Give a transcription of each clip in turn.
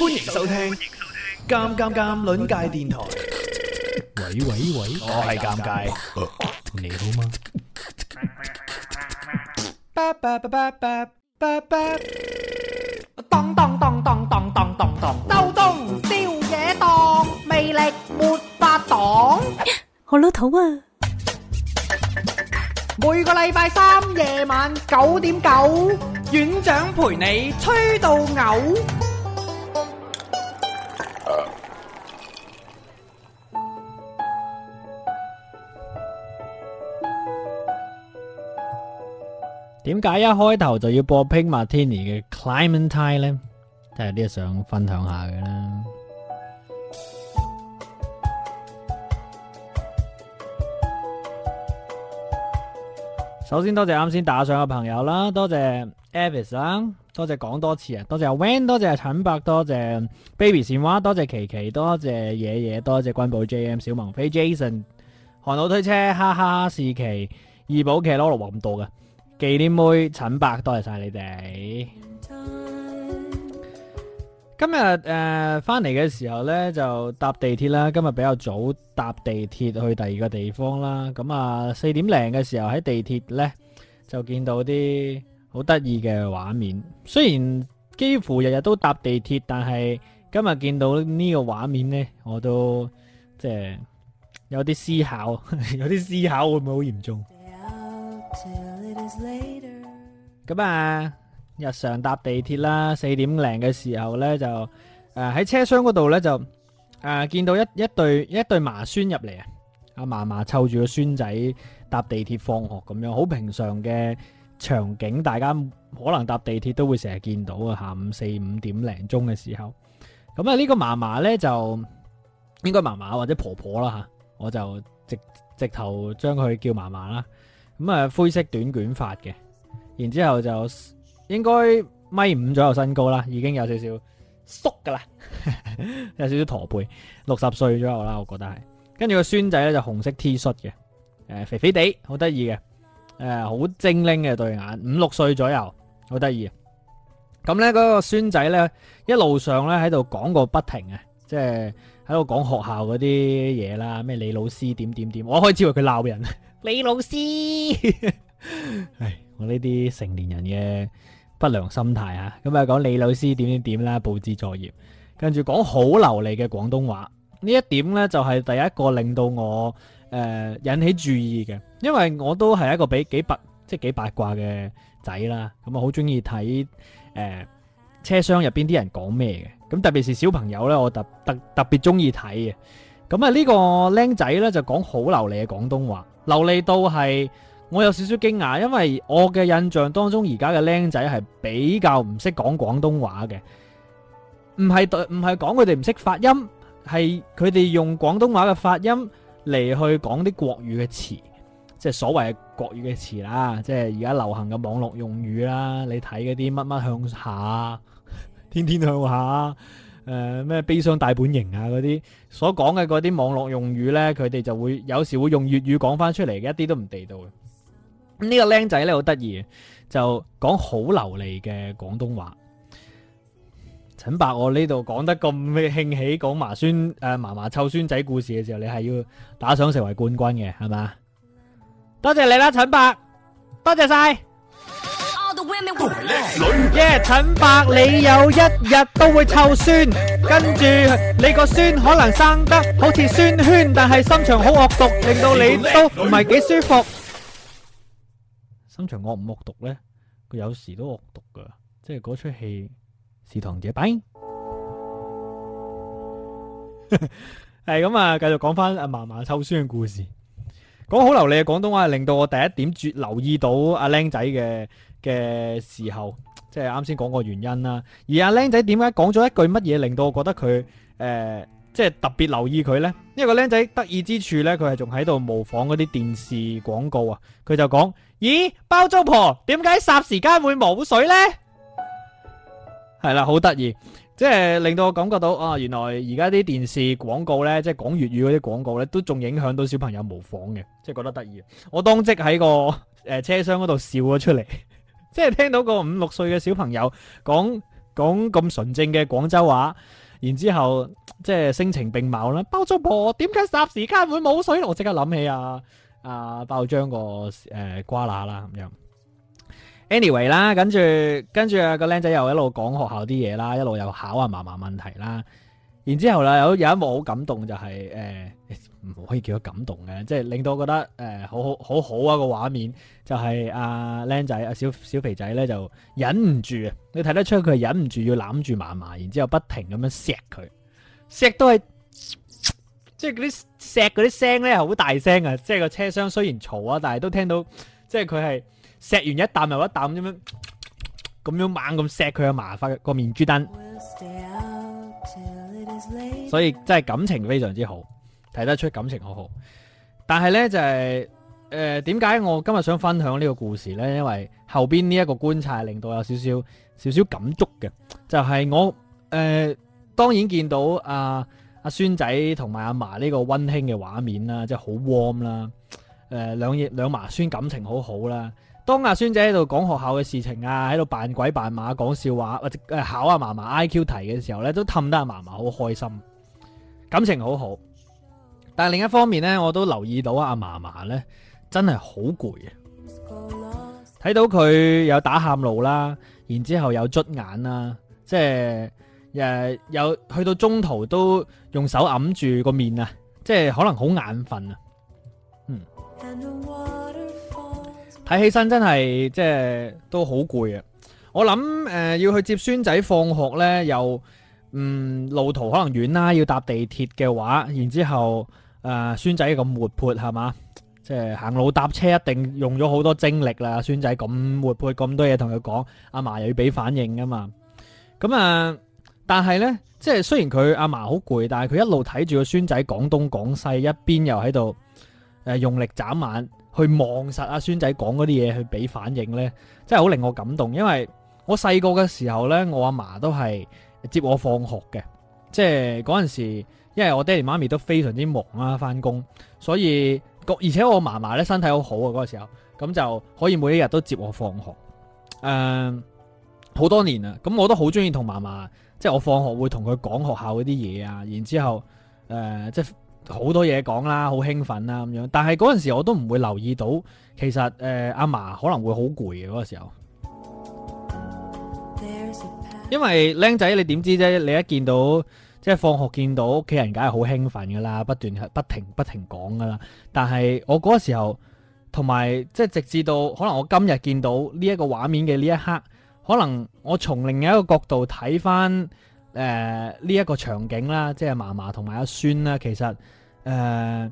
歡迎收聽《尷尷尷》鄰界電台。喂喂喂，我係尷尬，你好嗎？當當當當當當當當當，宵夜檔，魅力沒法擋。好老土啊！每個禮拜三夜晚九點九，院長陪你吹到嘔。點解一開頭就要播《Pink Martini》嘅《Clementine》咧？睇呢個想分享一下嘅啦。首先多謝啱先打賞嘅朋友啦，多謝 Avis 啦，多謝講多次啊，多謝 w a n，多謝陳伯，多謝 Baby 善話，多謝琪琪，多謝野野，多謝軍寶 J M 小萌，飛 Jason，韓老推車，哈哈哈，士奇二寶騎羅羅話咁多嘅。忌廉妹陳伯，多謝晒。你哋今日誒，翻嚟嘅時候咧，就搭地鐵啦。今日比較早搭地鐵去第二個地方啦。咁啊，四點零嘅時候喺地鐵咧，就見到啲好得意嘅畫面。雖然幾乎日日都搭地鐵，但係今日見到呢個畫面咧，我都即係有啲思考， 有啲思考會唔會好嚴重？咁啊，日常搭地鐵啦，四點零嘅時候咧就誒喺、啊、車廂嗰度咧就誒、啊、見到一一對一對嫲孫入嚟啊，阿嫲嫲湊住個孫仔搭地鐵放學咁樣，好平常嘅場景，大家可能搭地鐵都會成日見到啊，下午四五點零鐘嘅時候，咁啊呢個嫲嫲咧就應該嫲嫲或者婆婆啦吓，我就直直頭將佢叫嫲嫲啦。咁、嗯、啊，灰色短捲髮嘅，然之後就應該米五左右身高啦，已經有少少縮噶啦，有少少駝背，六十歲左右啦，我覺得係。跟住個孫仔咧就紅色 T 恤嘅，誒、呃、肥肥地，好得意嘅，誒、呃、好精靈嘅對眼，五六歲左右，好得意。咁咧嗰個孫仔咧，一路上咧喺度講個不停嘅，即係喺度講學校嗰啲嘢啦，咩李老師點點點，我開始以為佢鬧人。李老師， 唉，我呢啲成年人嘅不良心態吓、啊，咁啊講李老師點點點啦，布置作業，跟住講好流利嘅廣東話呢一點呢就係、是、第一個令到我誒、呃、引起注意嘅，因為我都係一個比幾百即係幾八卦嘅仔啦，咁啊好中意睇誒車廂入邊啲人講咩嘅，咁特別是小朋友呢，我特特特別中意睇嘅，咁啊呢個僆仔呢，就講好流利嘅廣東話。流利到係，我有少少驚訝，因為我嘅印象當中而家嘅僆仔係比較唔識講廣東話嘅，唔係，對，唔係講佢哋唔識發音，係佢哋用廣東話嘅發音嚟去講啲國語嘅詞，即係所謂的國語嘅詞啦，即係而家流行嘅網絡用語啦，你睇嗰啲乜乜向下，天天向下。誒、呃、咩悲傷大本營啊，嗰啲所講嘅嗰啲網絡用語咧，佢哋就會有時會用粵語講翻出嚟嘅，一啲都唔地道嘅。這個、呢個僆仔咧好得意，就講好流利嘅廣東話。陳伯，我呢度講得咁咩興起，講嫲孫誒嫲嫲臭孫仔故事嘅時候，你係要打賞成為冠軍嘅，係嘛？多謝你啦，陳伯，多謝晒。耶！陳伯，你有一日都會臭酸，跟住你個孫可能生得好似酸圈，但係心腸好惡毒，令到你都唔係幾舒服。心腸惡唔惡毒呢？佢有時都惡毒噶，即係嗰出戲《侍唐者》。嘿，係咁啊！繼續講翻阿嫲嫲臭酸嘅故事，講好流利嘅廣東話，令到我第一點注留意到阿僆仔嘅嘅時候，即係啱先講個原因啦。而阿僆仔點解講咗一句乜嘢，令到我覺得佢誒即係特別留意佢呢？因為個僆仔得意之處呢，佢係仲喺度模仿嗰啲電視廣告啊。佢就講：咦，包租婆點解霎時間會冇水呢？係啦，好得意，即係令到我感覺到啊，原來而家啲電視廣告呢，即係講粵語嗰啲廣告呢，都仲影響到小朋友模仿嘅，即係覺得得意。我當即喺個誒車廂嗰度笑咗出嚟。即係聽到個五六歲嘅小朋友講講咁純正嘅廣州話，然之後即係聲情並茂啦。包租婆點解霎時間會冇水？我即刻諗起啊，啊包張個、呃、瓜乸啦咁樣。anyway 啦，跟住跟住啊個靚仔又一路講學校啲嘢啦，一路又考啊嫲嫲問題啦。然之後啦，有有一幕好感動，就是，就係誒唔可以叫做感動嘅，即係令到我覺得誒、呃、好好好好啊，那個畫面，就係阿靚仔阿小小肥仔咧就忍唔住，你睇得出佢係忍唔住要攬住嫲嫲，然之後不停咁樣錫佢，錫都係即係嗰啲錫嗰啲聲咧係好大聲啊！即係個車廂雖然嘈啊，但係都聽到即係佢係錫完一啖又一啖咁樣，咁樣猛咁錫佢個麻花個面珠燈。所以真係感情非常之好，睇得出感情好好。但係呢，就係誒，點解我今日想分享呢個故事呢？因為後邊呢一個觀察令到有少少少少感觸嘅，就係我誒，當然見到阿阿孫仔同埋阿嫲呢個溫馨嘅畫面啦，即係好 warm 啦，誒，兩爺兩麻孫感情好好啦。當阿孫仔喺度講學校嘅事情啊，喺度扮鬼扮馬講笑話，或者考阿嫲嫲 IQ 題嘅時候咧，都氹得阿嫲嫲好開心，感情好好。但係另一方面咧，我都留意到阿嫲嫲咧真係好攰啊，睇到佢有打喊路啦，然之後有捽眼啦，即係誒有去到中途都用手揞住個面啊，即係可能好眼瞓啊，嗯。睇起身真係即係都好攰啊！我諗誒、呃、要去接孫仔放學呢，又嗯路途可能遠啦，要搭地鐵嘅話，然之後誒、呃、孫仔咁活潑係嘛，即係行路搭車一定用咗好多精力啦。孫仔咁活潑，咁多嘢同佢講，阿嫲又要俾反應㗎嘛。咁啊、呃，但係呢，即係雖然佢阿嫲好攰，但係佢一路睇住個孫仔講東講西，一邊又喺度誒用力眨眼。去望實阿、啊、孫仔講嗰啲嘢去俾反應呢，真係好令我感動。因為我細個嘅時候呢，我阿嫲都係接我放學嘅，即係嗰陣時，因為我爹哋媽咪都非常之忙啊，翻工，所以，而且我嫲嫲呢身體好好啊，嗰個時候，咁就可以每一日都接我放學。誒、呃，好多年啦，咁我都好中意同嫲嫲，即係我放學會同佢講學校嗰啲嘢啊，然之後，誒、呃，即係。好多嘢講啦，好興奮啦咁樣。但係嗰陣時我都唔會留意到，其實誒、呃、阿嫲可能會好攰嘅嗰時候。因為僆仔你點知啫？你一見到即係、就是、放學見到屋企人，梗係好興奮噶啦，不斷不停不停講噶啦。但係我嗰時候，同埋即係直至到可能我今日見到呢一個畫面嘅呢一刻，可能我從另一個角度睇翻。誒、呃，呢、這、一個場景啦，即係嫲嫲同埋阿孫啦，其實誒、呃，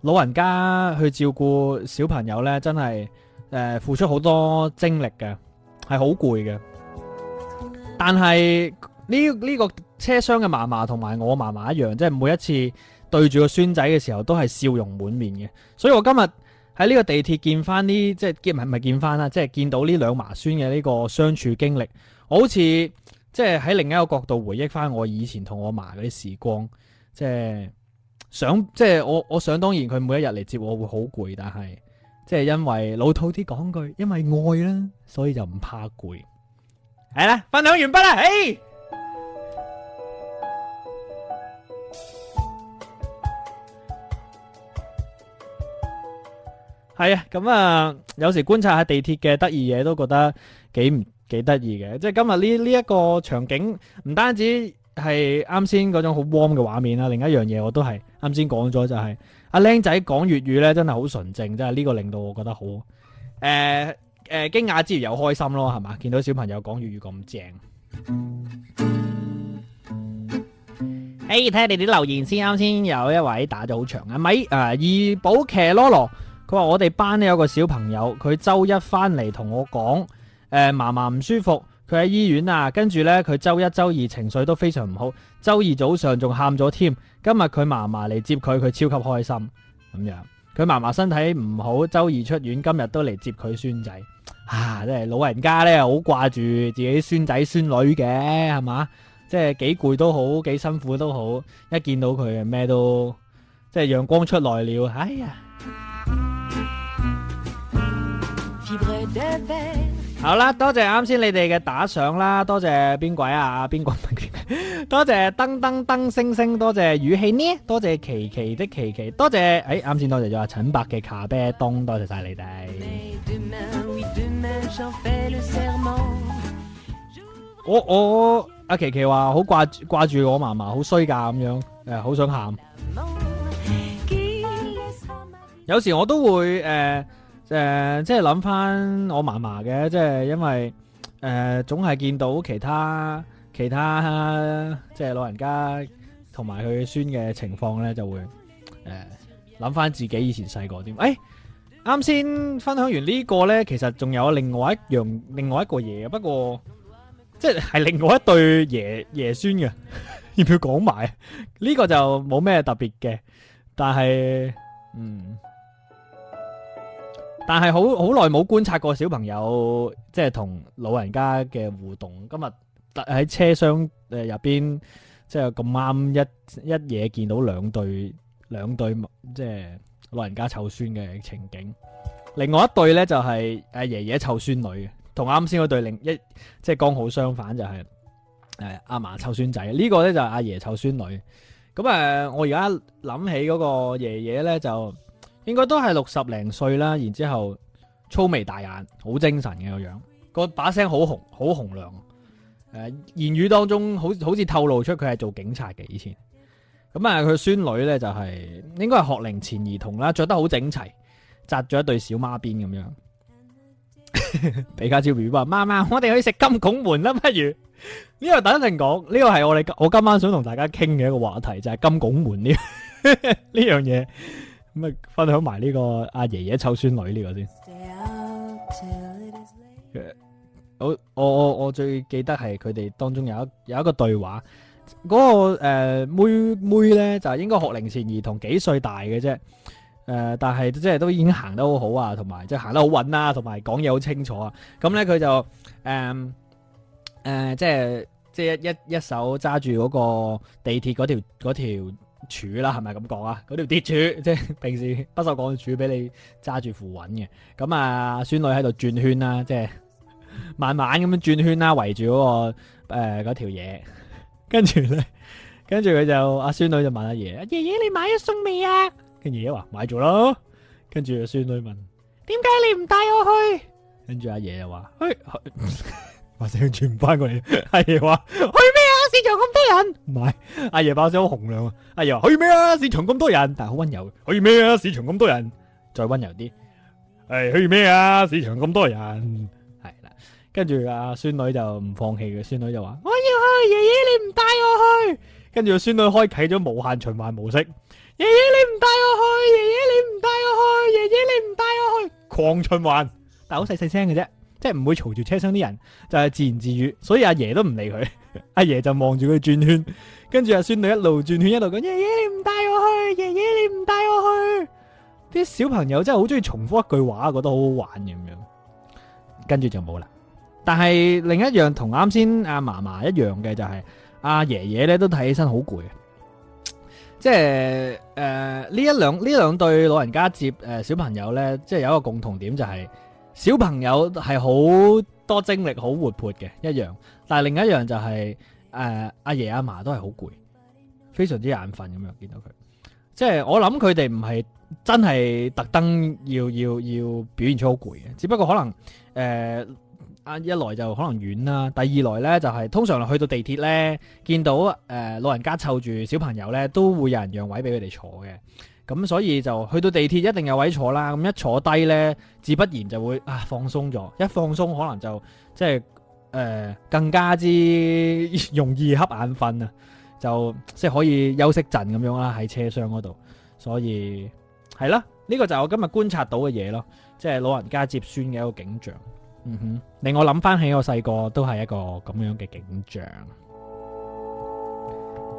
老人家去照顧小朋友咧，真係誒、呃、付出好多精力嘅，係好攰嘅。但係呢呢個車廂嘅嫲嫲同埋我嫲嫲一樣，即係每一次對住個孫仔嘅時候，都係笑容滿面嘅。所以我今日喺呢個地鐵見翻呢，即係見唔係咪見翻啦？即係見到呢兩嫲孫嘅呢個相處經歷，我好似。即係喺另一個角度回憶翻我以前同我嫲嗰啲時光，即係想，即係我，我想當然佢每一日嚟接我會好攰，但係即係因為老土啲講句，因為愛啦，所以就唔怕攰。係啦，分享完畢啦，係。係啊，咁啊，有時觀察下地鐵嘅得意嘢都覺得幾唔～幾得意嘅，即係今日呢呢一個場景，唔單止係啱先嗰種好 warm 嘅畫面啦，另一樣嘢我都係啱先講咗，就係阿僆仔講粵語呢真係好純正，真係呢個令到我覺得好誒誒驚訝之餘又開心咯，係嘛？見到小朋友講粵語咁正，誒，睇下你啲留言先，啱先有一位打咗好長，阿咪啊，二寶騎囉囉，佢話我哋班咧有個小朋友，佢周一翻嚟同我講。誒嫲嫲唔舒服，佢喺醫院啊。跟住呢，佢周一、周二情緒都非常唔好。周二早上仲喊咗添。今日佢嫲嫲嚟接佢，佢超級開心咁樣。佢嫲嫲身體唔好，周二出院，今日都嚟接佢孫仔。啊，真係老人家呢，好掛住自己孫仔孫女嘅，係嘛？即係幾攰都好，幾辛苦都好，一見到佢，咩都即係陽光出來了。哎呀！好啦，多謝啱先你哋嘅打賞啦，多謝邊鬼啊，邊個、啊啊？多謝登登登星星，多謝語氣呢？多謝琪琪的琪琪，多謝誒，啱、哎、先多謝咗阿陳伯嘅咖啡東，多謝晒你哋。我我阿琪琪話好掛掛住我嫲嫲，好衰㗎咁樣，誒、呃，好想喊。有時我都會誒。呃誒，即係諗翻我嫲嫲嘅，即係因為誒，總係見到其他其他即係老人家同埋佢孫嘅情況咧，就會誒諗翻自己以前細個點。誒，啱先分享完呢個咧，其實仲有另外一樣，另外一個嘢，不過即係係另外一對爺爺孫嘅，要唔要講埋？呢個就冇咩特別嘅，但係嗯。但係好好耐冇觀察過小朋友，即係同老人家嘅互動。今日喺車廂誒入邊，即係咁啱一一夜見到兩對兩對即係老人家湊孫嘅情景。另外一對咧就係阿爺爺湊孫女，同啱先嗰對另一即係剛好相反就係誒阿嫲湊孫仔。呢個咧就係阿爺湊孫女。咁誒，我而家諗起嗰個爺爺咧就。應該都係六十零歲啦，然之後粗眉大眼，好精神嘅個樣，個把聲好洪，好洪亮。誒、呃，言語當中好好似透露出佢係做警察嘅以前。咁、嗯、啊，佢孫女咧就係、是、應該係學齡前兒童啦，着得好整齊，紮咗一對小孖辮咁樣。李 家超爺爺話：，嫲嫲，我哋可以食金拱門啦，不如？呢個等一陣講，呢個係我哋我今晚想同大家傾嘅一個話題，就係、是、金拱門呢呢樣嘢。 咁啊，分享埋呢個阿爺爺湊孫女呢個先。誒，我我我最記得係佢哋當中有一有一個對話，嗰個妹妹咧就應該學齡前兒童幾歲大嘅啫。誒，但係即係都已經行得好好啊，同埋即係行得好穩啦，同埋講嘢好清楚啊。咁咧佢就誒誒，即係即一一一手揸住嗰個地鐵嗰條嗰條柱啦，係咪咁講啊？嗰條鐵柱，即係平時不銹鋼嘅柱俾你揸住扶穩嘅。咁啊，孫女喺度轉圈啦，即係慢慢咁樣轉圈啦，圍住嗰個誒嗰條嘢。跟住咧，跟住佢就阿孫女就問阿爺：，爺、啊、爺你買咗餸未啊？跟住爺爺話買咗咯。跟住孫女問：，點解你唔帶我去？跟住阿爺又話：，去。去 把聲傳翻過嚟，阿爺話：去咩啊？市場咁多人。唔係，阿爺把聲好洪亮啊！阿爺話：去咩啊？市場咁多人。但係好溫柔，去咩啊？市場咁多人，再溫柔啲，哎。係去咩啊？市場咁多人。係啦，跟住阿孫女就唔放棄嘅，孫女就話：我要去，爺爺你唔帶我，我去。跟住孫女開啟咗無限循環模式，爺爺你唔帶我去，爺爺你唔帶我去，爺爺你唔帶我，我去。狂循環，但好細細聲嘅啫。即係唔會嘈住車廂啲人，就係、是、自言自語，所以阿爺都唔理佢，阿爺就望住佢轉圈，跟住阿孫女一路轉圈一路講：爺爺你唔帶我去，爺爺你唔帶我去。啲小朋友真係好中意重複一句話，覺得好好玩咁樣，跟住就冇啦。但係另一樣同啱先阿嫲嫲一樣嘅就係阿爺爺咧都睇起身好攰，即係誒呢一兩呢兩對老人家接誒、呃、小朋友咧，即、就、係、是、有一個共同點就係、是。小朋友係好多精力，好活潑嘅一樣，但係另一樣就係誒阿爺阿嫲都係好攰，非常之眼瞓。咁樣見到佢，即係我諗佢哋唔係真係特登要要要表現出好攰嘅，只不過可能誒一、呃、一來就可能遠啦，第二來呢就係、係、通常去到地鐵呢，見到、呃、老人家湊住小朋友呢，都會有人讓位俾佢哋坐嘅。咁所以就去到地鐵一定有位坐啦，咁一坐低呢，自不然就會啊放鬆咗，一放鬆可能就即係誒、呃、更加之容易瞌眼瞓啊，就即係可以休息陣咁樣啦喺車廂嗰度，所以係啦，呢個就係我今日觀察到嘅嘢咯，即係老人家接孫嘅一個景象，嗯哼，令我諗翻起我細個都係一個咁樣嘅景象。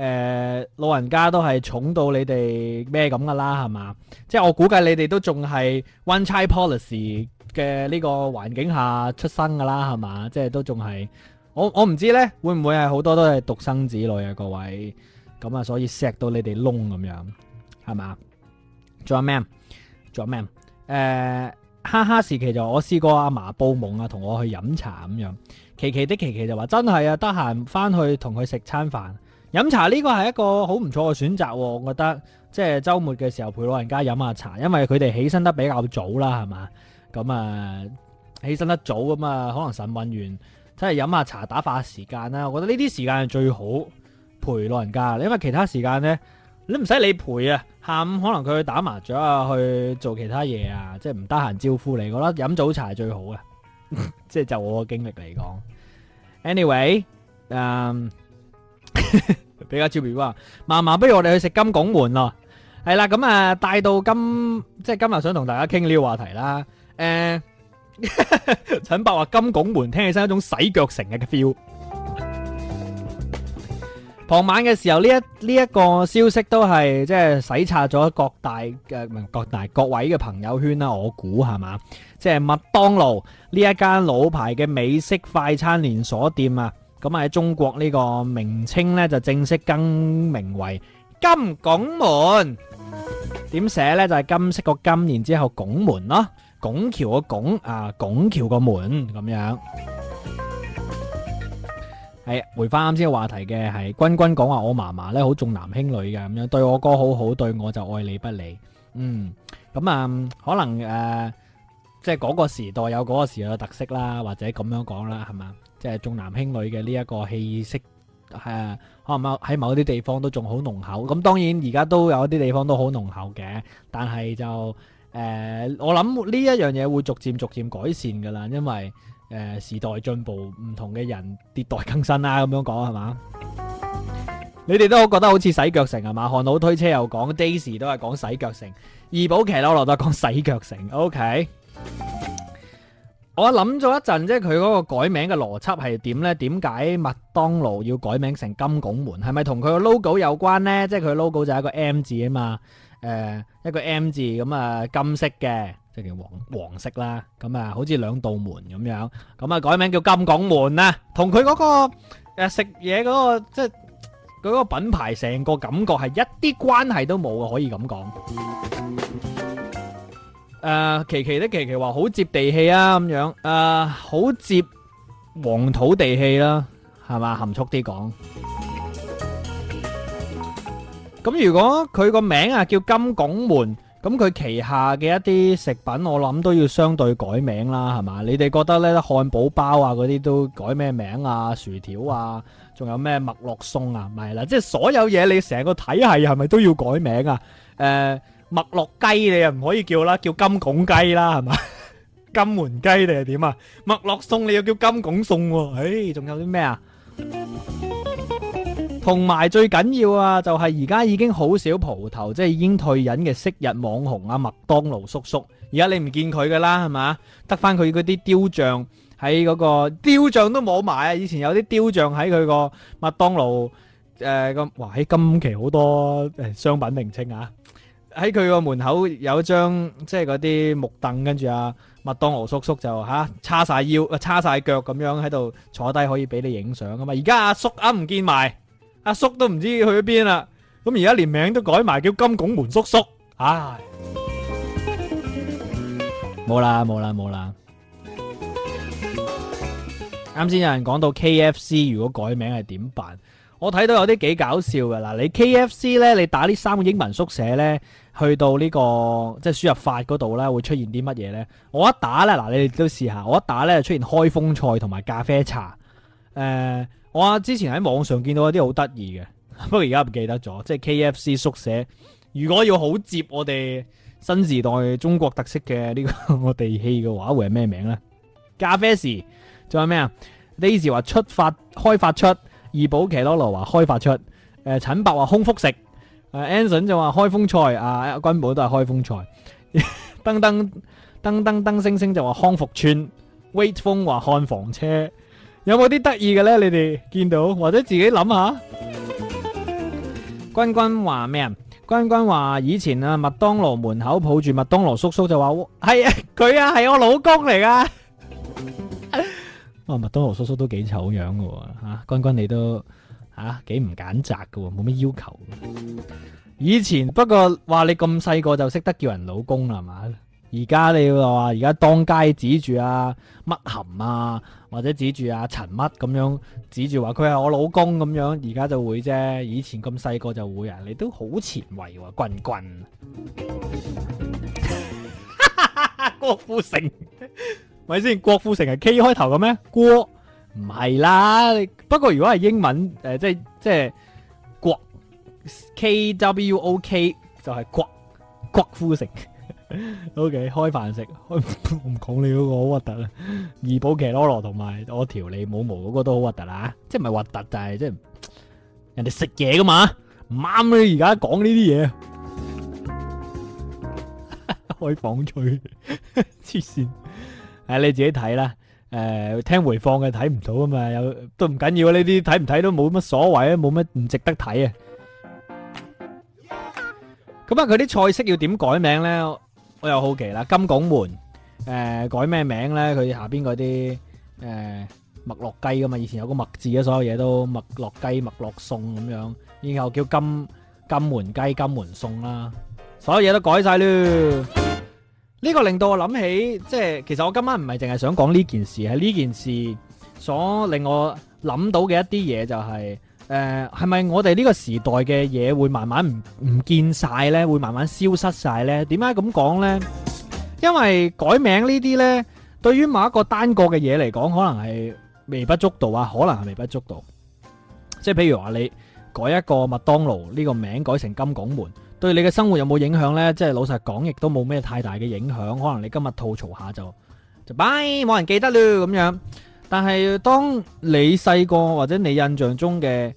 誒、呃、老人家都係寵到你哋咩咁噶啦，係嘛？即係我估計你哋都仲係 One Child Policy 嘅呢個環境下出生噶啦，係嘛？即係都仲係我我唔知咧，會唔會係好多都係獨生子女啊各位？咁啊，所以錫到你哋窿咁樣係嘛？仲有咩、呃？仲有咩？誒哈哈時期就我試過阿嫲報夢啊，同我去飲茶咁樣。琪琪的琪琪就話：真係啊，得閒翻去同佢食餐飯。飲茶呢個係一個好唔錯嘅選擇，我覺得即係周末嘅時候陪老人家飲下茶，因為佢哋起身得比較早啦，係嘛，咁啊起身得早咁啊，可能晨運完，即係飲下茶打發時間啦。我覺得呢啲時間係最好陪老人家，因為其他時間呢，你唔使你陪啊。下午可能佢去打麻雀啊，去做其他嘢啊，即係唔得閒招呼你。我覺得飲早茶係最好嘅，即 係就是我嘅經歷嚟講。Anyway，、um, 比較招搖啊，嫲嫲，不如我哋去食金拱門咯，係啦，咁啊，帶到今，即係今日想同大家傾呢個話題啦。誒、呃，陳 伯話金拱門聽起身一種洗腳城日嘅 feel。傍 晚嘅時候，呢一呢一、這個消息都係即係洗刷咗各大嘅各大各位嘅朋友圈啦。我估係嘛，即係麥當勞呢一間老牌嘅美式快餐連鎖店啊。咁啊，喺中國呢個名稱咧就正式更名為金拱門，點寫咧就係金色個金，然之後拱門咯，拱橋個拱啊，拱橋個門咁樣。係回翻啱先個話題嘅，係君君講話我嫲嫲咧好重男輕女噶，咁樣對我哥好好，對我就愛理不理。嗯，咁啊可能誒，即係嗰個時代有嗰個時代嘅特色啦，或者咁樣講啦，係嘛？即係重男輕女嘅呢一個氣息，誒可能喺某啲地方都仲好濃厚。咁當然而家都有一啲地方都好濃厚嘅，但係就誒我諗呢一樣嘢會逐漸逐漸改善㗎啦，因為誒時代進步，唔同嘅人迭代更新啦，咁樣講係嘛？你哋都覺得好似洗腳城係嘛？漢佬推車又講，Days 都係講洗腳城，二寶騎樓落都講洗腳城，OK。我諗咗一陣，即係佢嗰個改名嘅邏輯係點呢？點解麥當勞要改名成金拱門？係咪同佢個 logo 有關呢？即係佢 logo 就係一個 M 字啊嘛，誒，一個 M 字咁啊，金色嘅，即係叫黃黃色啦，咁啊，好似兩道門咁樣，咁啊改名叫金拱門啊，同佢嗰個誒食嘢嗰個即係佢嗰個品牌成個感覺係一啲關係都冇啊，可以咁講。誒，琪琪呢，琪琪話好接地氣啊，咁樣誒，好接黃土地氣啦，係嘛，含蓄啲講。咁如果佢個名啊叫金拱門，咁佢旗下嘅一啲食品，我諗都要相對改名啦，係嘛？你哋覺得呢，漢堡包啊，嗰啲都改咩名啊？薯條啊，仲有咩麥樂送啊？唔係啦，即係所有嘢，你成個體系係咪都要改名啊？誒。麥樂雞你又唔可以叫啦，叫金拱雞啦，係嘛？金門雞你係點啊？麥樂送你又叫金拱送喎、哦，誒、哎，仲有啲咩啊？同埋 最緊要啊，就係而家已經好少蒲頭，即係已經退隱嘅昔日網紅啊麥當勞叔叔，而家你唔見佢㗎啦，係嘛？得返佢嗰啲雕像喺嗰、那個雕像都冇埋啊！以前有啲雕像喺佢個麥當勞誒咁、呃、哇！喺今期好多商品名稱啊！喺佢個門口有一張即係嗰啲木凳，跟住啊麥當勞叔叔就吓叉晒腰啊叉晒腳咁樣喺度坐低，可以俾你影相噶嘛？而家阿叔啱唔見埋，阿叔都唔知去咗邊啦。咁而家連名都改埋叫金拱門叔叔，唉，冇啦冇啦冇啦。啱先有人講到 KFC，如果改名係點辦？我睇到有啲幾搞笑㗎。嗱，你 KFC 咧，你打呢三個英文縮寫咧，去到呢、這個即係輸入法嗰度咧，會出現啲乜嘢咧？我一打咧，嗱，你哋都試下，我一打咧就出現開封菜同埋咖啡茶。誒、呃，我之前喺網上見到一啲好得意嘅，不過而家唔記得咗。即、就、係、是、KFC 縮寫，如果要好接我哋新時代中國特色嘅呢、這個我哋戲嘅話，會係咩名咧？咖啡時，仲有咩啊？呢時話出發，開發出。二寶騎樓話開發出，誒、呃、陳伯話空腹食，誒、呃、Anson 就話開封菜，阿、呃、君寶都係開封菜，噔噔噔噔噔星星就話康復村，wait 風話看房車，有冇啲得意嘅咧？你哋見到或者自己諗下， 君君話咩啊？君君話以前啊麥當勞門口抱住麥當勞叔叔就話，係啊佢啊係我老公嚟㗎。麥當勞叔叔都幾醜樣嘅喎、啊，君君你都嚇幾唔揀擇嘅喎，冇、啊、咩要求。以前不過話你咁細個就識得叫人老公啦嘛，而家你要話而家當街指住阿乜冚啊，或者指住阿、啊、陳乜咁樣指住話佢係我老公咁樣，而家就會啫。以前咁細個就會啊，你都好前衞喎、啊，君君。 郭富城。 咪先？郭富城係 K 開頭嘅咩？郭唔係啦。不過如果係英文，誒、呃，即係即係郭 K W O K 就係郭郭富城。 o、okay, K 開飯食，開唔講你嗰、那個好核突啦。怡寶、啊、 奇多羅同埋我調你冇毛嗰個都好核突啦。即係唔係核突就係即係人哋食嘢噶嘛，唔啱你而家講呢啲嘢。 開房吹，黐線。係你自己睇啦，誒，聽回放嘅睇唔到啊嘛，有都唔緊要啊，呢啲睇唔睇都冇乜所謂啊，冇乜唔值得睇啊。咁啊，佢啲菜式要點改名咧？我又好奇啦，金拱門誒改咩名咧？佢下邊嗰啲誒麥樂雞噶嘛，以前有個麥字啊，所有嘢都麥樂雞、麥樂餸咁樣，然後叫金金門雞、金門餸啦，所有嘢都改晒啦。呢個令到我諗起，即係其實我今晚唔係淨係想講呢件事，係呢件事所令我諗到嘅一啲嘢就係，誒係咪我哋呢個時代嘅嘢會慢慢唔唔見晒，呢會慢慢消失晒呢？點解咁講呢？因為改名呢啲呢，對於某一個單個嘅嘢嚟講，可能係微不足道啊，可能係微不足道。即係譬如話你改一個麥當勞呢個名改成金拱門。對你嘅生活有冇影響呢？即係老實講，亦都冇咩太大嘅影響。可能你今日吐槽下就就拜，冇人記得啦咁樣。但係當你細個或者你印象中嘅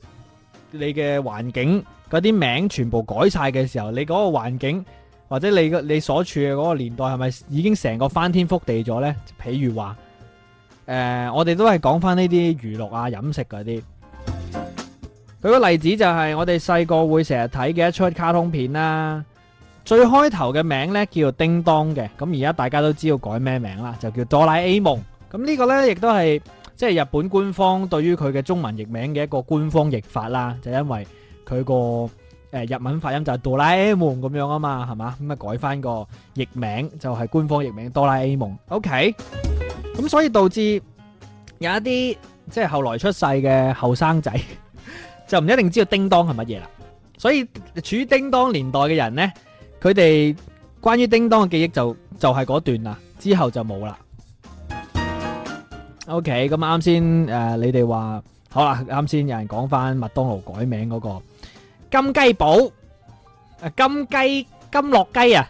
你嘅環境嗰啲名全部改晒嘅時候，你嗰個環境或者你你所處嘅嗰個年代係咪已經成個翻天覆地咗呢？譬如話，誒、呃，我哋都係講翻呢啲娛樂啊、飲食嗰啲。舉個例子就係我哋細個會成日睇嘅一出卡通片啦，最開頭嘅名咧叫叮當嘅，咁而家大家都知道改咩名啦，就叫哆啦 A 夢。咁呢個咧亦都係即係日本官方對於佢嘅中文譯名嘅一個官方譯法啦，就是、因為佢個誒日文發音就係哆啦 A 夢咁樣啊嘛，係嘛咁啊改翻個譯名就係、是、官方譯名哆啦 A 夢。OK，咁所以導致有一啲即係後來出世嘅後生仔。就唔一定知道叮噹係乜嘢啦，所以處於叮噹年代嘅人咧，佢哋關於叮噹嘅記憶就就係嗰段啦，之後就冇啦。OK，咁啱先誒，你哋話好啦，啱先有人講翻麥當勞改名嗰個金雞堡啊，金雞金樂雞啊，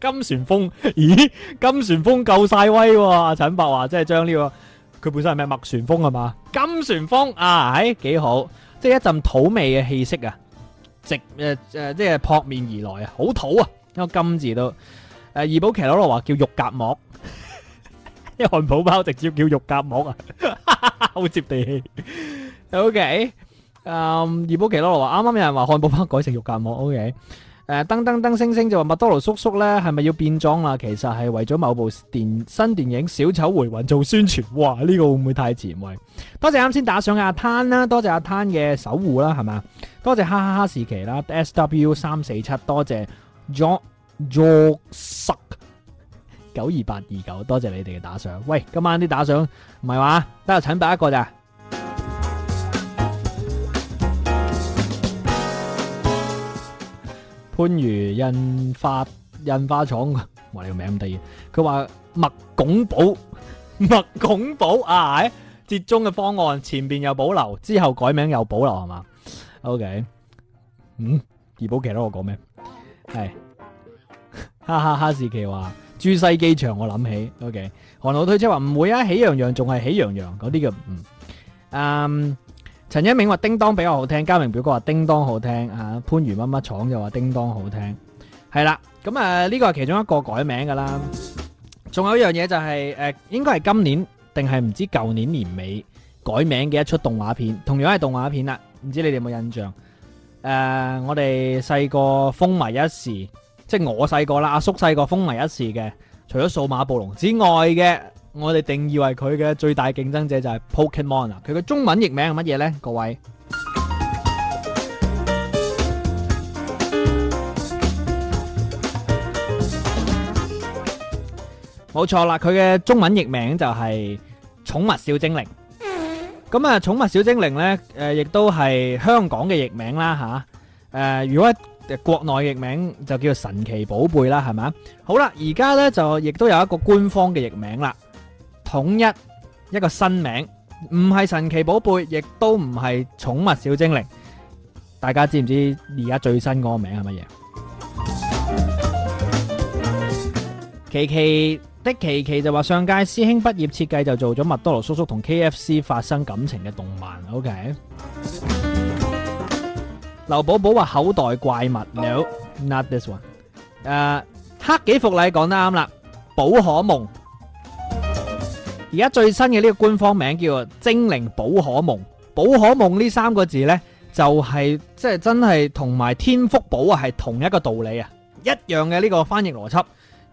金旋風，咦，金旋風夠晒威喎，陳伯話真係將呢個。佢本身係咩？麥旋風啊嘛？金旋風啊，唉、哎，幾好，即係一陣土味嘅氣息啊，直誒誒、呃，即係撲面而來啊，好土啊，一個金字都誒、呃，二寶騎駱駝話叫肉夾饃，一 漢堡包直接叫肉夾饃啊， 好接地氣。O K，誒，二寶騎駱駝話啱啱有人話漢堡包改成肉夾饃。O、okay、K。誒、呃，噔噔噔星星就話麥當勞叔叔咧係咪要變裝啊其實係為咗某部電新電影《小丑回魂》做宣傳，哇！呢、這個會唔會太前衛？多謝啱先打賞嘅阿攤啦，多謝阿攤嘅守護啦，係嘛？多謝哈哈哈士奇啦，S W 三四七，SW347, 多謝 Jo Jo suck 九二八二九，多謝你哋嘅打賞。喂，今晚啲打賞唔係話得陳伯一個咋？番禺印花印花廠嘅，話你個名咁得意，佢話麥拱寶麥拱寶啊，接折中嘅方案，前邊有保留，之後改名有保留係嘛？OK，嗯，二寶奇他我講咩？係、哎，哈 哈哈士奇話珠西機場我，我諗起，OK，韓老推車話唔會啊，喜羊羊仲係喜羊羊嗰啲嘅，嗯，嗯、um。陳一鳴話叮當比較好聽，嘉明表哥話叮當好聽吓，番禺乜乜廠又話叮當好聽，係啦，咁啊呢個係其中一個改名噶啦，仲有一樣嘢就係誒，應該係今年定係唔知舊年年尾改名嘅一出動畫片，同樣係動畫片啦，唔知你哋有冇印象？誒，我哋細個風靡一時，即係我細個啦，阿叔細個風靡一時嘅，除咗數碼暴龍之外嘅。我哋定義為佢嘅最大競爭者就係 Pokemon 啦。佢嘅中文譯名係乜嘢呢？各位，冇錯啦。佢嘅中文譯名就係寵物小精靈。咁啊，寵物小精靈呢，誒，亦都係香港嘅譯名啦。吓，誒，如果國內譯名就叫做神奇寶貝啦，係咪？好啦，而家呢就亦都有一個官方嘅譯名啦。統一一個新名，唔係神奇寶貝，亦都唔係寵物小精靈。大家知唔知而家最新嗰個名係乜嘢？琪琪 的琪琪就話上屆師兄畢業設計就做咗麥當勞叔叔同 KFC 發生感情嘅動漫。OK，劉寶寶話口袋怪物。好，oh, no, not this one。誒，黑幾服禮講得啱啦，寶可夢。而家最新嘅呢個官方名叫做精靈寶可夢，寶可夢呢三個字呢，就係即係真係同埋天福寶係同一個道理啊，一樣嘅呢個翻譯邏輯，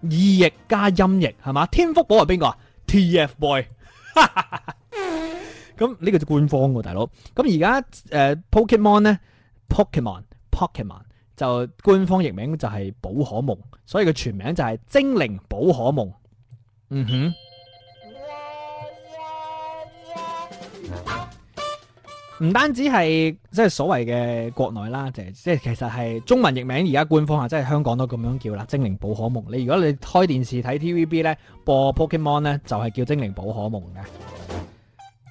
意譯加音譯係嘛？天福寶係邊個啊？TF Boy，咁、 呃、呢個就官方喎，大佬。咁而家誒 Pokemon 呢，Pokemon，Pokemon 就官方譯名就係寶可夢，所以佢全名就係精靈寶可夢。嗯哼。唔單止係即係所謂嘅國內啦，即係即係其實係中文譯名。而家官方啊，即係香港都咁樣叫啦，《精靈寶可夢》。你如果你開電視睇 TVB 咧播 Pokemon 咧，就係叫《精靈寶可夢》嘅。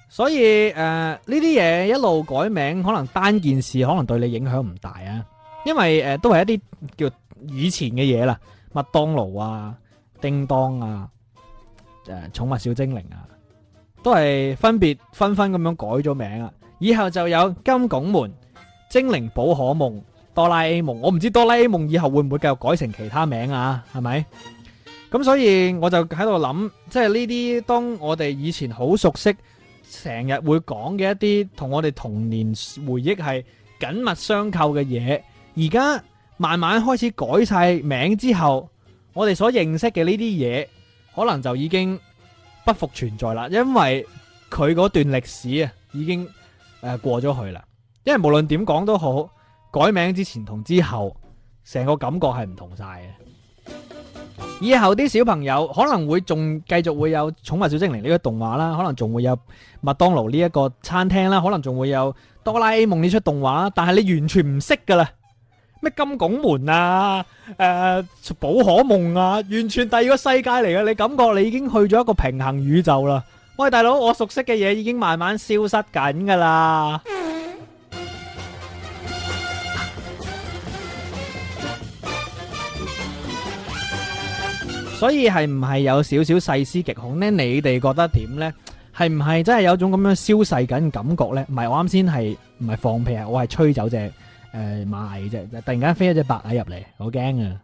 所以誒，呢啲嘢一路改名，可能單件事可能對你影響唔大啊，因為誒、呃、都係一啲叫以前嘅嘢啦，麥當勞啊、叮當啊、誒、呃、寵物小精靈啊，都係分別紛紛咁樣改咗名啊。以後就有金拱門、精靈寶可夢、哆啦 A 夢。我唔知哆啦 A 夢以後會唔會繼續改成其他名啊？係咪咁？所以我就喺度諗，即係呢啲當我哋以前好熟悉，成日會講嘅一啲同我哋童年回憶係緊密相扣嘅嘢，而家慢慢開始改晒名之後，我哋所認識嘅呢啲嘢可能就已經不復存在啦，因為佢嗰段歷史啊，已經。誒，過咗去啦，因為無論點講都好，改名之前同之後，成個感覺係唔同晒嘅。以後啲小朋友可能會仲繼續會有寵物小精靈呢個動畫啦，可能仲會有麥當勞呢一個餐廳啦，可能仲會有哆啦 A 夢呢出動畫，但係你完全唔識噶啦，咩金拱門啊，誒、呃、寶可夢啊，完全第二個世界嚟嘅，你感覺你已經去咗一個平行宇宙啦。喂，大佬，我熟悉嘅嘢已經慢慢消失緊噶啦，所以係唔係有少少細思極恐呢？你哋覺得點呢？係唔係真係有種咁樣消逝緊感覺呢？唔係我啱先係唔係放屁啊？我係吹走隻誒螞蟻啫，突然間飛咗隻白蟻入嚟，好驚啊！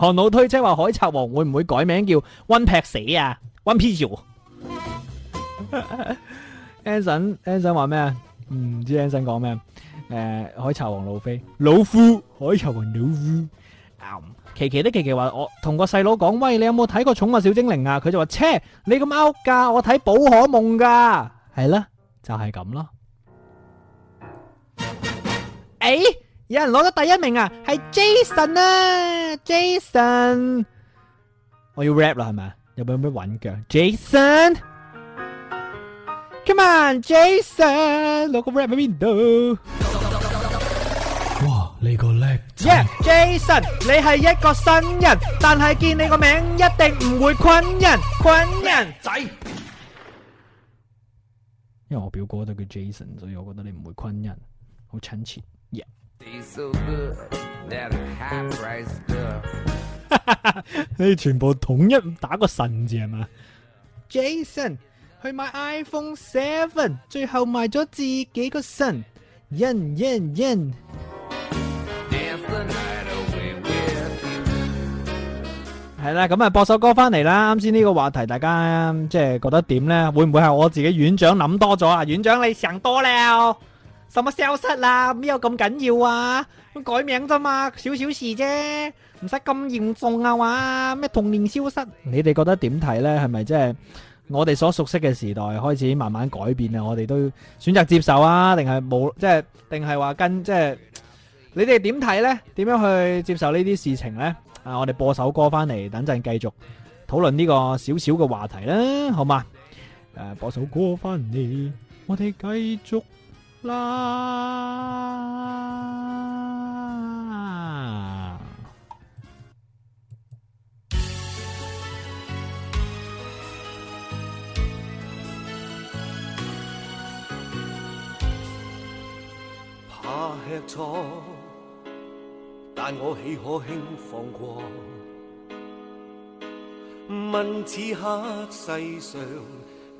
韓 老推車話海賊王會唔會改名叫温劈死啊？One Piece，Anson，Anson 話咩啊？唔知 Anson 講咩？誒，海賊王路飛，老夫海賊王老夫。阿琪琪咧，琪琪話我同個細佬講，喂，你有冇睇過寵物小精靈啊？佢就話，切，你咁 out 噶，我睇寶可夢噶。係啦，就係咁咯。誒，有人攞咗第一名啊？係 Jason 啊，Jason，我要 rap 啦，係咪啊？有冇咩玩噶？Jason，Come on，Jason，look up where we go。哇，你個叻仔！Yeah，Jason，你係一個新人，但係見你個名一定唔會昆人，昆人仔。因為我表哥都叫 Jason，所以我覺得你唔會昆人，好親切。Yeah。 你全部統一打個神字係嘛？Jason 去買 iPhone Seven，最後賣咗自己個腎，印印印。係啦，咁啊，播首歌翻嚟啦。啱先呢個話題，大家即係覺得點咧？會唔會係我自己院長諗多咗啊？院長你想多啦？什麼消失啦，啊？邊有咁緊要啊？改名啫嘛，啊，少少事啫，唔使咁嚴重啊！哇，咩童年消失？你哋覺得點睇呢？係咪即係我哋所熟悉嘅時代開始慢慢改變啦？我哋都選擇接受啊，定係冇即係？定係話跟即係？你哋點睇呢？點樣去接受呢啲事情呢？啊，我哋播首歌翻嚟，等陣繼續討論呢個少少嘅話題啦，好嘛？誒、啊，播首歌翻嚟，我哋繼續。啦！怕吃錯，但我豈可輕放過？問此刻世上。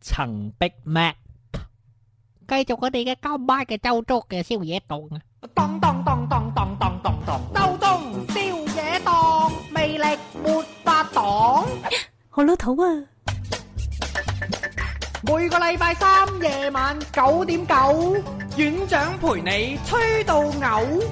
陳碧麥，繼續我哋嘅今晚嘅周中嘅宵夜檔啊！咚咚咚咚咚咚咚咚，周中宵夜檔，魅力沒法擋。好老土啊！每個禮拜三夜晚九點九，院長陪你吹到嘔。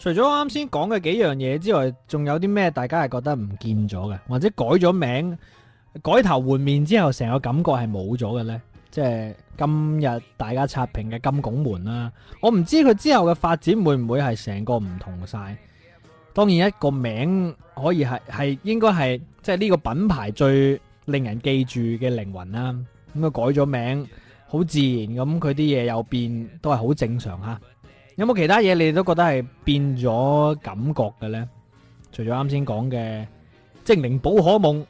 除咗啱先講嘅幾樣嘢之外，仲有啲咩大家係覺得唔見咗嘅，或者改咗名、改頭換面之後，成個感覺係冇咗嘅呢？即係今日大家刷屏嘅金拱門啦、啊，我唔知佢之後嘅發展會唔會係成個唔同晒。當然一個名可以係係應該係即係呢個品牌最令人記住嘅靈魂啦、啊。咁、嗯、佢改咗名，好自然咁，佢啲嘢又變都係好正常吓。有冇其他嘢你哋都覺得係變咗感覺嘅咧？除咗啱先講嘅精靈寶可夢、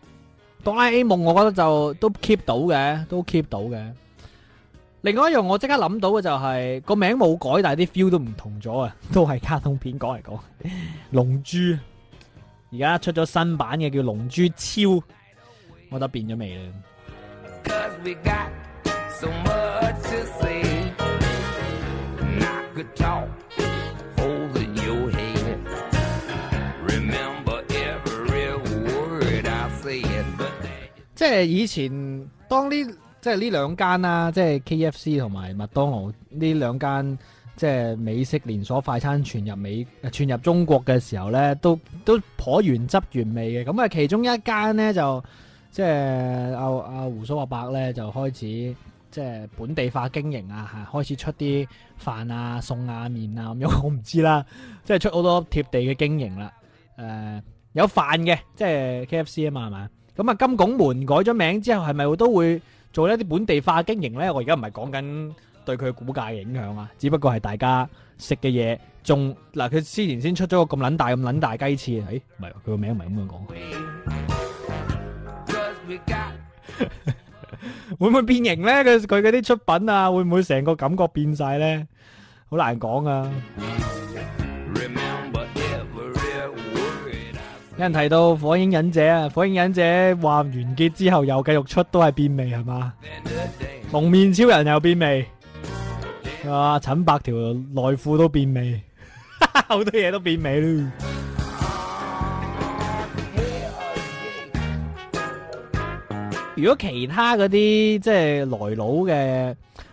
哆啦 A 夢，我覺得就都 keep 到嘅，都 keep 到嘅。另外一樣我即刻諗到嘅就係個名冇改，但係啲 feel 都唔同咗啊！都係卡通片講嚟講，龍珠而家出咗新版嘅叫龍珠超，我覺得變咗味啦。即係以前，當呢即係呢兩間啦，即係 KFC 同埋麥當勞呢兩間，即係美式連鎖快餐傳入美、傳入中國嘅時候咧，都都頗原汁原味嘅。咁啊，其中一間咧就即係阿阿胡叔阿伯咧，就開始。即係本地化經營啊，嚇開始出啲飯啊、餸啊、麵啊咁樣，我唔知啦。即係出好多貼地嘅經營啦、啊。誒、呃，有飯嘅，即係 KFC 啊嘛，係嘛？咁啊，金拱門改咗名之後，係咪都會做一啲本地化經營咧？我而家唔係講緊對佢股價嘅影響啊，只不過係大家食嘅嘢仲嗱，佢、啊、之前先出咗個咁撚大咁撚大雞翅，誒、欸，唔係佢個名唔係咁樣講。 會唔會變形咧？佢佢嗰啲出品啊，會唔會成個感覺變晒咧？好難講啊！有人提到《火影忍者》啊，《火影忍者》話完結之後又繼續出都係變味係嘛？蒙面超人又變味啊！陳百條內褲都變味，好 多嘢都變味咯。如果其他嗰啲即係來佬嘅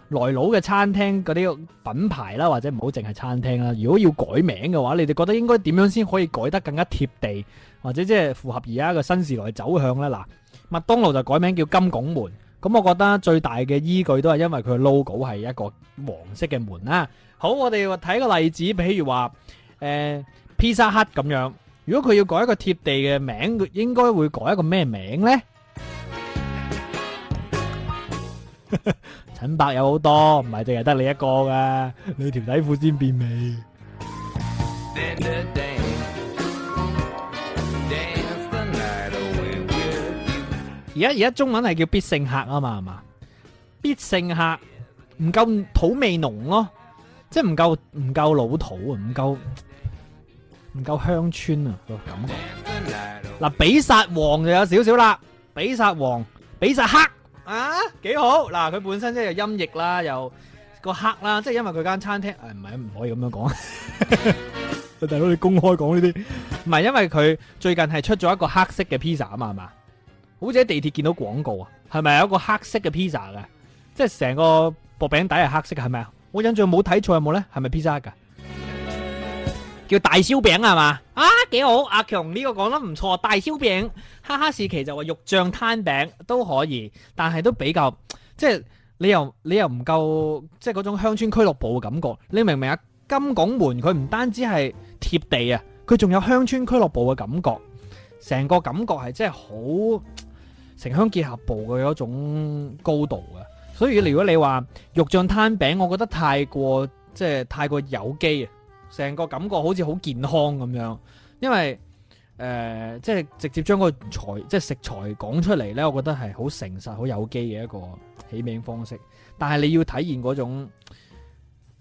來佬嘅餐廳嗰啲品牌啦，或者唔好淨係餐廳啦，如果要改名嘅話，你哋覺得應該點樣先可以改得更加貼地，或者即係符合而家嘅新時代走向呢？嗱、啊，麥當勞就改名叫金拱門，咁我覺得最大嘅依據都係因為佢 logo 係一個黃色嘅門啦。好，我哋睇個例子，譬如話誒、呃、Pizza Hut 咁樣，如果佢要改一個貼地嘅名，應該會改一個咩名呢？陳伯有好多，唔係淨係得你一個噶。你條底褲先變味。而家而家中文係叫必勝客啊嘛，係嘛？必勝客唔夠土味濃咯，即係唔夠唔夠老土啊，唔夠唔夠鄉村啊個感覺。嗱，比薩王就有少少啦，比薩王，比薩克。啊，幾好嗱！佢、啊、本身即係陰液啦，又個黑啦，即係因為佢間餐廳，誒唔係唔可以咁樣講啊！ 大佬你公開講呢啲，唔係因為佢最近係出咗一個黑色嘅 pizza 啊嘛，係嘛？好似喺地鐵見到廣告啊，係咪有一個黑色嘅 pizza 嘅？即係成個薄餅底係黑色嘅，係咪啊？我印象冇睇錯有冇咧？係咪 pizza 黑㗎？叫大燒餅係嘛？啊，幾好！阿強呢個講得唔錯，大燒餅，哈哈，士奇就話肉醬攤餅都可以，但係都比較即係你又你又唔夠即係嗰種鄉村俱樂部嘅感覺。你明唔明啊？金拱門佢唔單止係貼地啊，佢仲有鄉村俱樂部嘅感覺，成個感覺係真係好城鄉結合部嘅嗰種高度嘅。所以如果你話肉醬攤餅，我覺得太過即係太過有機啊。成個感覺好似好健康咁樣，因為誒、呃，即係直接將個材即係食材講出嚟咧，我覺得係好誠實、好有機嘅一個起名方式。但係你要體現嗰種，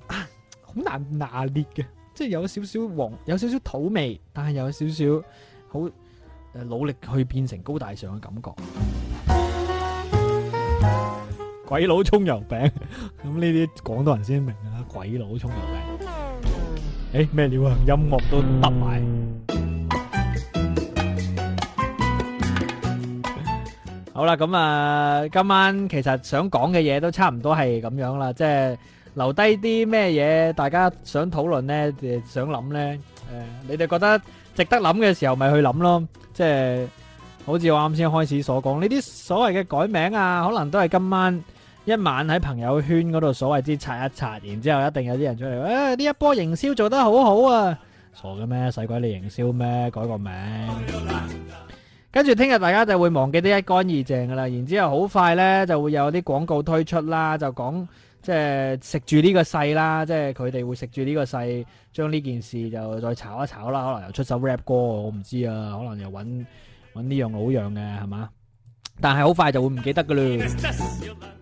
啊，好難拿捏嘅，即係有少少黃，有少少土味，但係有少少好誒努力去變成高大上嘅感覺。鬼佬蔥油餅，咁呢啲廣東人先明啦，鬼佬蔥油餅。誒，咩料啊？音樂都得埋。好啦，咁啊，今晚其實想講嘅嘢都差唔多係咁樣啦，即係留低啲咩嘢，大家想討論呢，想諗呢，誒，你哋覺得值得諗嘅時候咪去諗咯。即係好似我啱先開始所講，呢啲所謂嘅改名啊，可能都係今晚。一晚喺朋友圈嗰度所謂之刷一刷，然之後一定有啲人出嚟，誒、啊、呢一波營銷做得好好啊！傻嘅咩？使鬼你營銷咩？改個名。跟住聽日大家就會忘記得一乾二淨㗎啦，然之後好快呢，就會有啲廣告推出啦，就講即係食住呢個勢啦，即係佢哋會食住呢個勢，將呢件事就再炒一炒啦。可能又出首 rap 歌，我唔知啊，可能又揾揾呢樣老樣嘅係嘛？但係好快就會唔記得噶啦。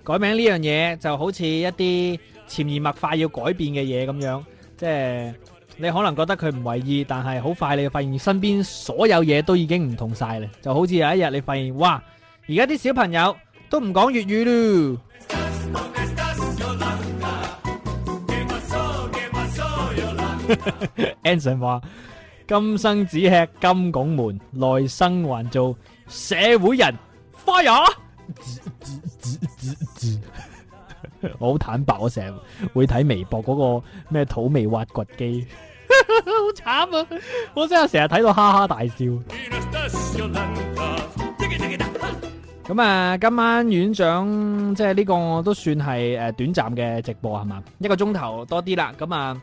改名呢樣嘢就好似一啲潛移默化要改變嘅嘢咁樣，即係你可能覺得佢唔為意，但係好快你就發現身邊所有嘢都已經唔同晒啦。就好似有一日你發現，哇，而家啲小朋友都唔講粵語啦。Anson 話：今生只吃金拱門，來生還做社會人。 我好坦白，我成日會睇微博嗰個咩土味挖掘機， 好慘啊！我真係成日睇到哈哈大笑。咁啊，今晚院長即係呢個都算係誒短暫嘅直播係嘛，一個鐘頭多啲啦。咁啊。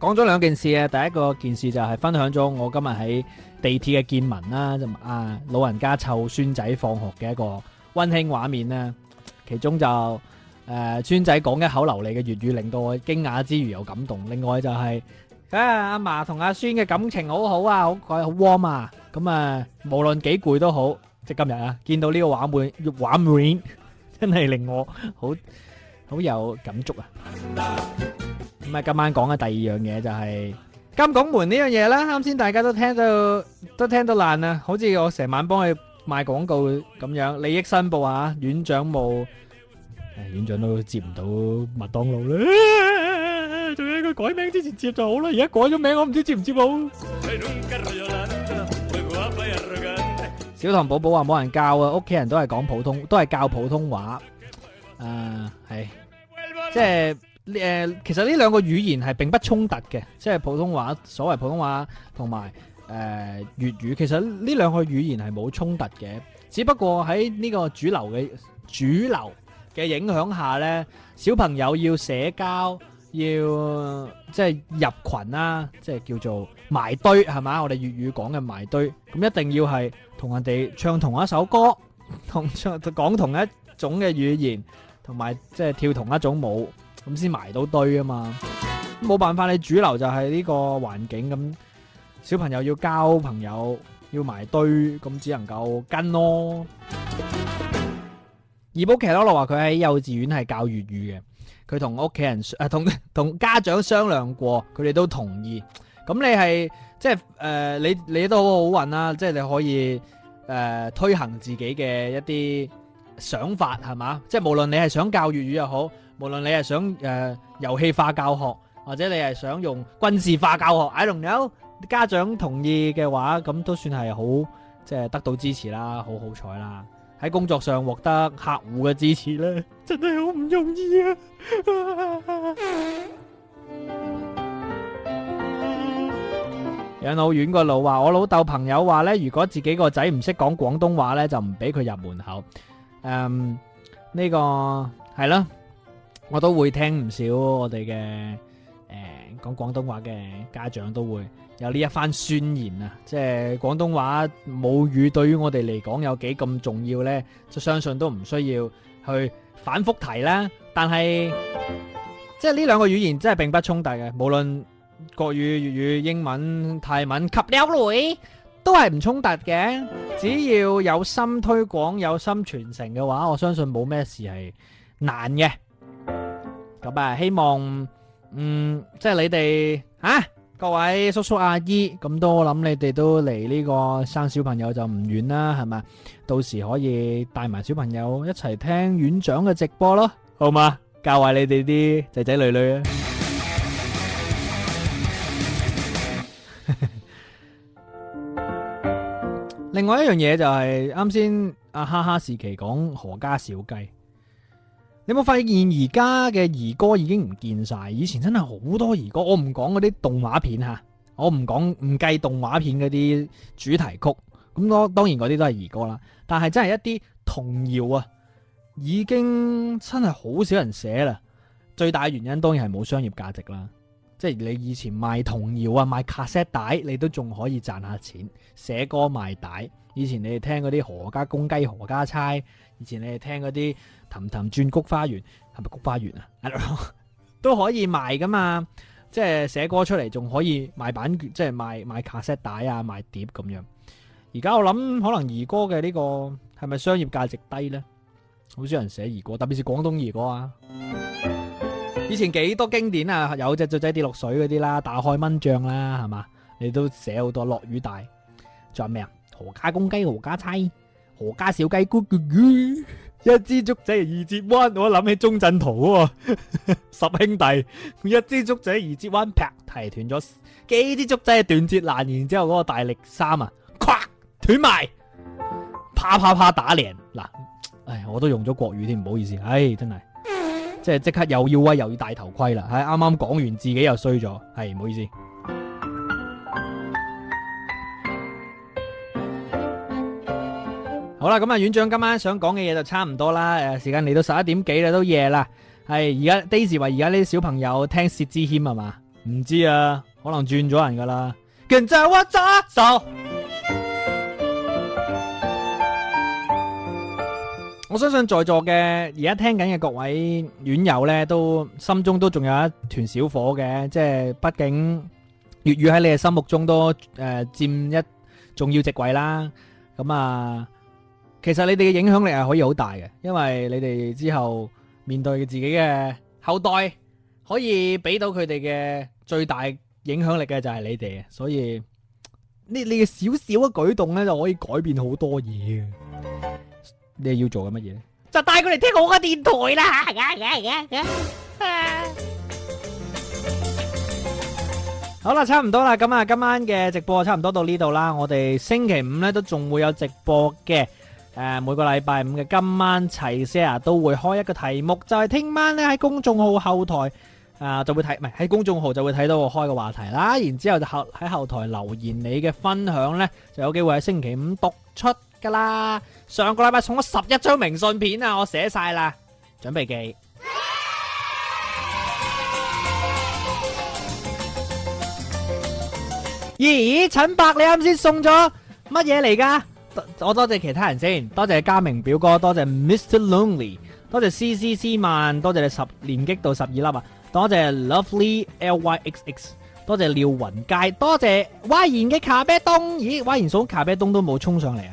講咗兩件事啊，第一個件事就係分享咗我今日喺地鐵嘅見聞啦，就啊老人家湊孫仔放學嘅一個溫馨畫面咧。其中就誒，孫仔講一口流利嘅粵語，令到我驚訝之餘又感動。另外就係啊，阿嫲同阿孫嘅感情好好啊，好佢好 warm 啊。咁啊，無論幾攰都好，即係今日啊，見到呢個畫面，畫面真係令我好好有感觸啊！咁啊！今晚講嘅第二樣嘢就係金拱門呢樣嘢啦。啱先大家都聽到都聽到爛啦，好似我成晚幫佢賣廣告咁樣，利益申報啊！院長冇，院長都接唔到麥當勞咧。仲要佢改名之前接就好啦，而家改咗名，我唔知接唔接好。小唐寶寶話冇人教啊，屋企人都係講普通，都係教普通話。誒係，即係。誒，其實呢兩個語言係並不衝突嘅，即係普通話所謂普通話同埋誒粵語，其實呢兩個語言係冇衝突嘅。只不過喺呢個主流嘅主流嘅影響下呢，小朋友要社交，要即係入群啦，即係叫做埋堆係咪？我哋粵語講嘅埋堆，咁一定要係同人哋唱同一首歌，同唱就講同一種嘅語言，同埋即係跳同一種舞。咁先埋到堆啊嘛，冇辦法，你主流就係呢個環境咁，小朋友要交朋友，要埋堆，咁只能夠跟咯。二寶奇咯，我話佢喺幼稚園係教粵語嘅，佢同屋企人啊同同家長商量過，佢哋都同意。咁你係即係誒，你你都好好運啦，即係你可以誒推行自己嘅一啲。想法係嘛，即係無論你係想教粵語又好，無論你係想誒、呃、遊戲化教學，或者你係想用軍事化教學，I don't know，家長同意嘅話，咁都算係好，即係得到支持啦，好好彩啦。喺工作上獲得客戶嘅支持咧，真係好唔容易啊！養老院個老話，我老豆朋友話咧，如果自己個仔唔識講廣東話咧，就唔俾佢入門口。誒、um, 這個，呢個係啦，我都會聽唔少我哋嘅誒講廣東話嘅家長都會有呢一番宣言啊，即係廣東話母語對於我哋嚟講有幾咁重要呢，就相信都唔需要去反復提啦。但係即係呢兩個語言真係並不衝突嘅，無論國語、粵語、英文、泰文及鳥類都係唔衝突嘅，只要有心推廣、有心傳承嘅話，我相信冇咩事係難嘅。咁啊，希望嗯，即係你哋吓各位叔叔阿姨，咁都我諗你哋都嚟呢個生小朋友就唔遠啦，係嘛？到時可以帶埋小朋友一齊聽院長嘅直播咯，好嗎？教壞你哋啲仔仔女女嘅。另外一樣嘢就係啱先，阿哈哈士奇講何家小雞，你有冇發現而家嘅兒歌已經唔見晒？以前真係好多兒歌，我唔講嗰啲動畫片吓，我唔講唔計動畫片嗰啲主題曲，咁我當然嗰啲都係兒歌啦。但係真係一啲童謠啊，已經真係好少人寫啦。最大嘅原因當然係冇商業價值啦。即係你以前賣童謠啊，賣 cassette 帶，你都仲可以賺下錢。寫歌賣帶，以前你哋聽嗰啲何家公雞何家猜，以前你哋聽嗰啲氹氹轉菊花園係咪菊花園啊？Know，都可以賣噶嘛，即係寫歌出嚟仲可以賣版權，即係賣賣 cassette 帶啊，賣碟咁樣。而家我諗可能兒歌嘅呢個係咪商業價值低呢？好少人寫兒歌，特別是廣東兒歌啊。以前幾多經典啊，有隻雀仔跌落水嗰啲啦，打開蚊帳啦，係嘛？你都寫好多落雨大，仲有咩啊？何家公雞何家猜，何家小雞咕咕咕，一支竹仔二節彎，我諗起鍾鎮濤喎、啊， 十兄弟，一支竹仔二節彎劈，提斷咗幾支竹仔斷折難，然之後嗰個大力三啊，咵斷埋，啪啪啪打連嗱，唉，我都用咗國語添，唔好意思，唉，真係。即係即刻又要威又要戴頭盔啦，係啱啱講完自己又衰咗，係唔好意思。 好啦，咁啊，院長今晚想講嘅嘢就差唔多啦，誒，時間嚟到十一點幾啦，都夜啦，係而家 Daisy 話而家呢啲小朋友聽薛之謙係嘛？唔知啊，可能轉咗人噶啦。 我相信在座嘅而家聽緊嘅各位粵友呢，都心中都仲有一團小火嘅，即係畢竟粵語喺你哋心目中都誒佔一重要席位啦。咁啊，其實你哋嘅影響力係可以好大嘅，因為你哋之後面對自己嘅後代，可以俾到佢哋嘅最大影響力嘅就係你哋啊。所以你你嘅小小嘅舉動呢，就可以改變好多嘢。你要做緊乜嘢？就帶佢嚟聽我嘅電台啦！ 好啦，差唔多啦，咁啊，今晚嘅直播差唔多到呢度啦。我哋星期五咧都仲會有直播嘅，誒、呃，每個禮拜五嘅今晚齊 share 啊，都會開一個題目，就係、是、聽晚咧喺公眾號後台啊、呃、就會睇，唔係喺公眾號就會睇到我開個話題啦。然之後就後喺後台留言你嘅分享咧，就有機會喺星期五讀出。噶啦，上個禮拜送咗十一張明信片啊，我寫晒啦，準備記 咦？陳伯，你啱先送咗乜嘢嚟？噶，我多謝其他人先，多謝嘉明表哥，多謝 Mr Lonely，多謝 C C C 萬，多謝你十年擊到十二粒啊，多謝 Lovely L Y X X，多謝廖雲佳，多謝威言嘅卡比東。咦？威言送卡比東都冇衝上嚟啊！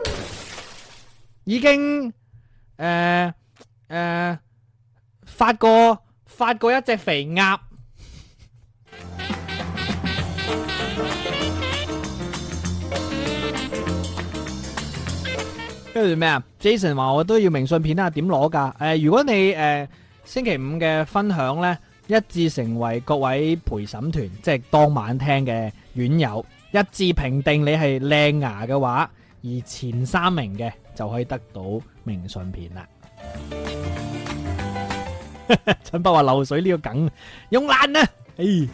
已經誒誒、呃呃、發過發過一隻肥鴨。跟住咩啊？Jason 話我都要明信片啦，點攞㗎？誒、呃，如果你誒、呃、星期五嘅分享咧，一致成為各位陪審團，即、就、係、是、當晚聽嘅院友，一致評定你係靚牙嘅話，而前三名嘅。就可以得到明信片啦！陳 伯話漏水呢個梗用爛啦、啊，誒、哎，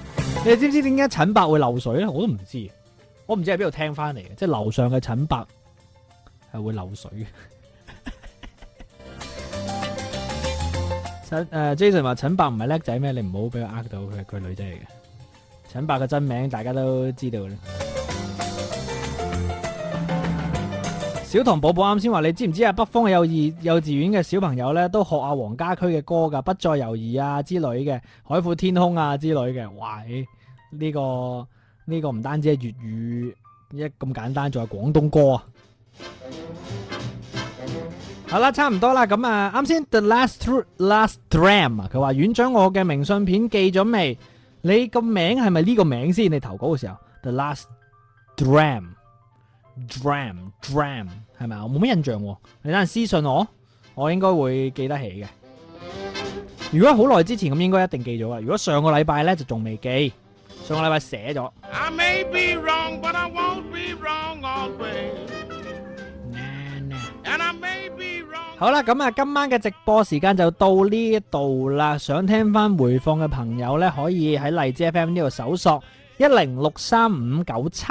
你知唔知點解陳伯會漏水咧？我都唔知道，我唔知喺邊度聽翻嚟嘅，即係樓上嘅陳伯係會漏水嘅。誒、 呃、Jason 話陳伯唔係叻仔咩？你唔好俾佢呃到，佢係女仔嚟嘅。陳伯嘅真名大家都知道。小唐寶寶啱先話你知唔知啊？北方幼兒幼稚園嘅小朋友咧，都學阿黃家駒嘅歌噶，不再猶豫啊之類嘅、海闊天空啊之類嘅。喂，呢、呢個呢、呢個唔單止係粵語一咁簡單，仲係廣東歌啊、嗯嗯嗯！好啦，差唔多啦，咁啊，啱先 The Last Last Dram 啊，佢話院長我嘅明信片寄咗未？你個名係咪呢個名先？你投稿嘅時候 The Last Dram。Dram Dram 係咪啊？我冇乜印象，你等下私信我，我應該會記得起嘅。如果好耐之前咁，應該一定記咗啦。如果上個禮拜咧就仲未記，上個禮拜寫咗。好啦，咁啊，今晚嘅直播時間就到呢度啦。想聽翻回放嘅朋友咧，可以喺荔枝 FM 呢度搜索一零六三五九七。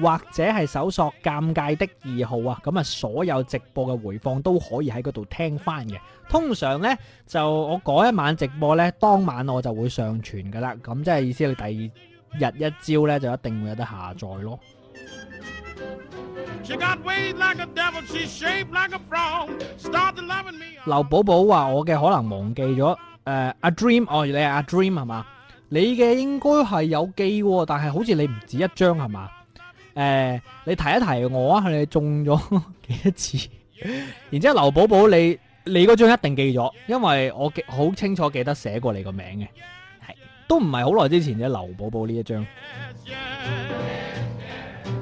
或者係搜索《尷尬的二號》啊，咁啊，所有直播嘅回放都可以喺嗰度聽翻嘅。通常咧就我嗰一晚直播咧，當晚我就會上傳噶啦。咁即係意思你第二日一朝咧就一定會有得下載咯。劉寶寶話：我嘅可能忘記咗誒阿 Dream 哦，你係阿 Dream 係嘛？你嘅應該係有記喎，但係好似你唔止一張係嘛？誒、欸，你提一提我，你中咗幾多次？ 然之後劉寶寶，你你嗰張一定記咗，因為我記好清楚記得寫過你個名嘅，係都唔係好耐之前啫。劉寶寶呢一張，yeah,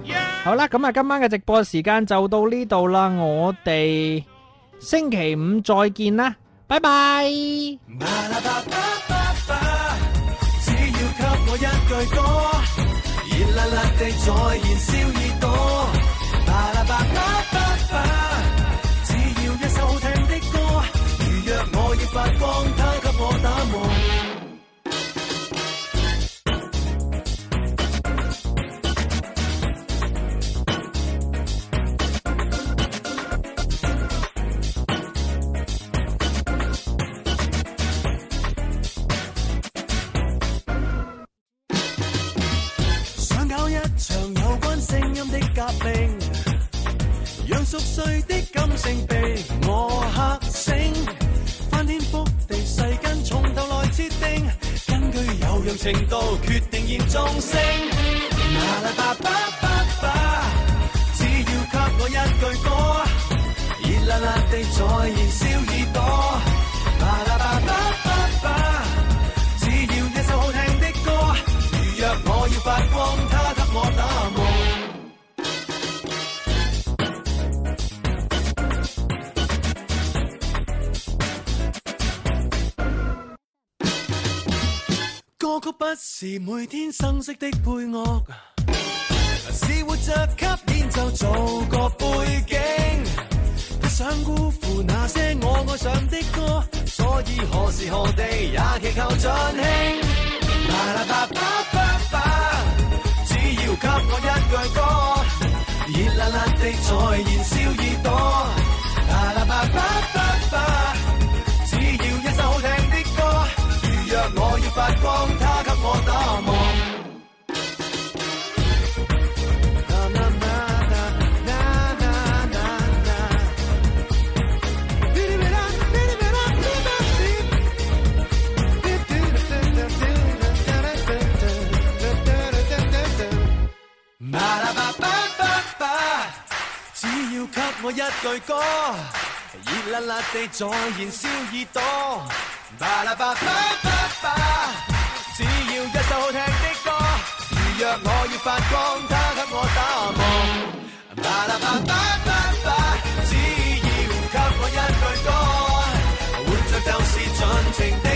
yeah, yeah, yeah, yeah. 好啦，咁啊，今晚嘅直播時間就到呢度啦，我哋星期五再見啦，拜拜。熱辣辣地在燃燒耳朵。是每天生息的配樂。熱辣辣地再燃燒耳朵，巴拉巴巴巴巴，只要一首好聽的歌。如若我要發光，它給我打磨，巴拉巴巴巴巴，只要給我一句歌，活着就是盡情的。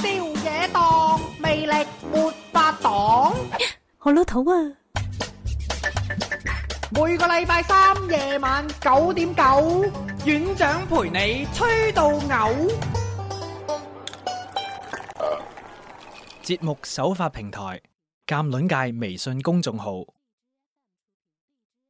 魅力沒法擋，好老土啊！每個禮拜三夜晚九點九，院長陪你吹到嘔。節目首發平台：鑒論界微信公眾號。